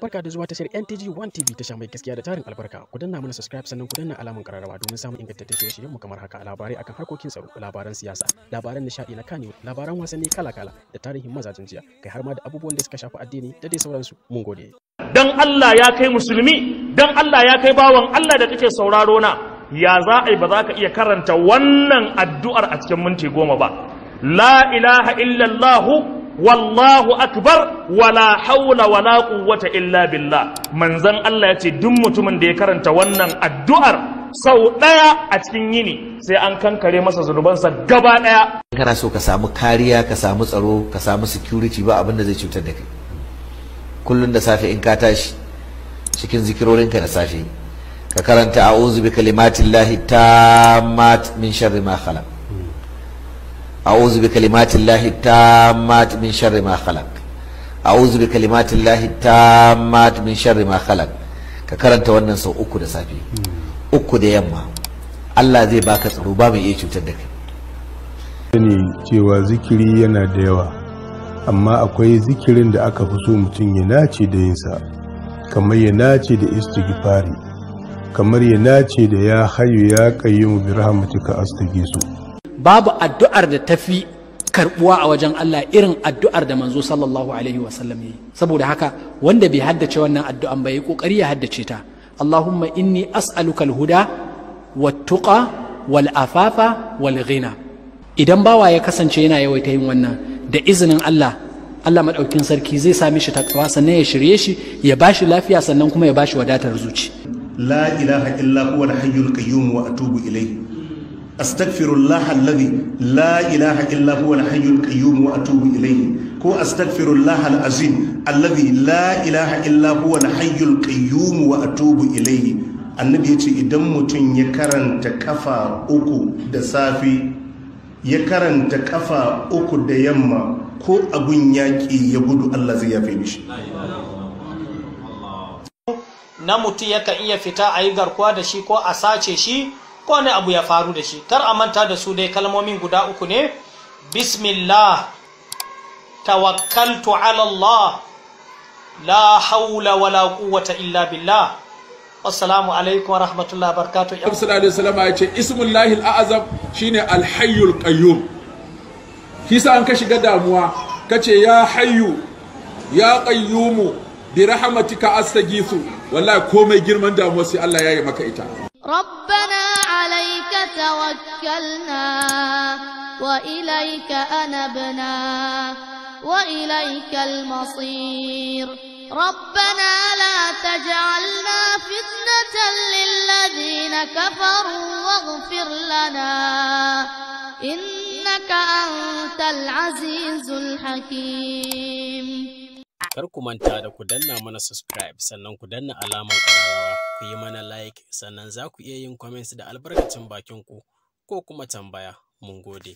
Barka da zuwa tashar NTG One TV tasha mai gaskiya da tarin albarka. Ku danna mana subscribe sannan ku danna alamun kararrawa domin samun ingantaccen shirye mu kamar haka labarai akan harkokin tsaro, labaran siyasa, labaran nishadi na kanewa, labaran wasanni kala-kala da tarihin mazajen jiya, kai har ma da abubuwan da suka shafi addini da dai sauransu. Mun gode. Dan Allah ya kai musulmi, dan Allah ya kai bawan Allah da kake sauraro na, ya za a yi ba za ka iya karanta wannan addu'ar a cikin minti goma ba. La ilaha illallahu wallahu akbar wala haula wala quwwata illa billah manzon Allah ya ce duk mutumin da ya karanta wannan addu'ar sau ɗaya a cikin yini sai an kankare masa zunubansa gaba ɗaya kana so ka samu kariya ka samu tsaro ka samu security ba abin da zai cutar da kai kullun da safe in ka tashi cikin zikirorinka da safe ka karanta a'udhu bi kalimatillahi tammat min sharri ma khalaq أعوذ بكلمات الله التامات من شر ما خلق أعوذ بكلمات الله التامات من شر ما خلق ككرنت wannan sau uku da safi uku da yamma Allah zai baka tsaro ba iya cutar da kai ne cewa zikiri yana da yawa amma akwai zikirin da aka fi so mutum ya nace da yinsa kamar ya nace da istighfari kamar ya nace da ya hayu mu qayyimu ka rahmatika astaghisu babu addu'ar da tafi karbuwa a wajen Allah irin addu'ar da manzo sallallahu alaihi sallam yi saboda haka wanda bai haddace wannan addu'an ba ya kokari ya haddace ta Allahumma inni as'aluka al-huda wat-tuqa wal-afafa wal-ghina idan bawa ya kasance yana yawaita yin wannan da izinin Allah Allah madaukin sarki zai sami shi takwa sannan ya shirye shi ya bashi lafiya sannan kuma ya bashi wadatar zuci la ilaha illa huwa al-hayyul qayyum wa atubu ilayhi astaghfirullah alladhi la ilaha illa huwa al-hayyul qayyum wa atubu ilayhi ko astaghfirullah al-azim alladhi la ilaha illa huwa al-hayyul qayyum wa atubu ilayhi annabi yace idan mutum ya karanta kafa uku da safi ya karanta kafa uku da yamma ko abun yaƙi ya gudu Allah zai yafe mishi na mutum yakan iya fita a yi garkuwa da shi ko a sace shi kowane abu ya faru da shi kar a manta da su dai kalmomin guda uku ne bismillah tawakkaltu ala Allah la haula wala quwwata illa billah assalamu alaikum wa rahmatullahi sallallahu alaihi wasallam ya ce ismullahi al'azam shine alhayyul qayyum kisa an ka shiga damuwa kace ya hayyu ya qayyumu bi rahmatika astaghithu wallahi komai girman damuwa sai Allah ya yi maka ita ربنا عليك توكلنا وإليك أنبنا وإليك المصير ربنا لا تجعلنا فتنة للذين كفروا واغفر لنا إنك أنت العزيز الحكيم ku yi mana like sannan za ku iya yin comments da albarkacin bakin ku ko kuma tambaya mun gode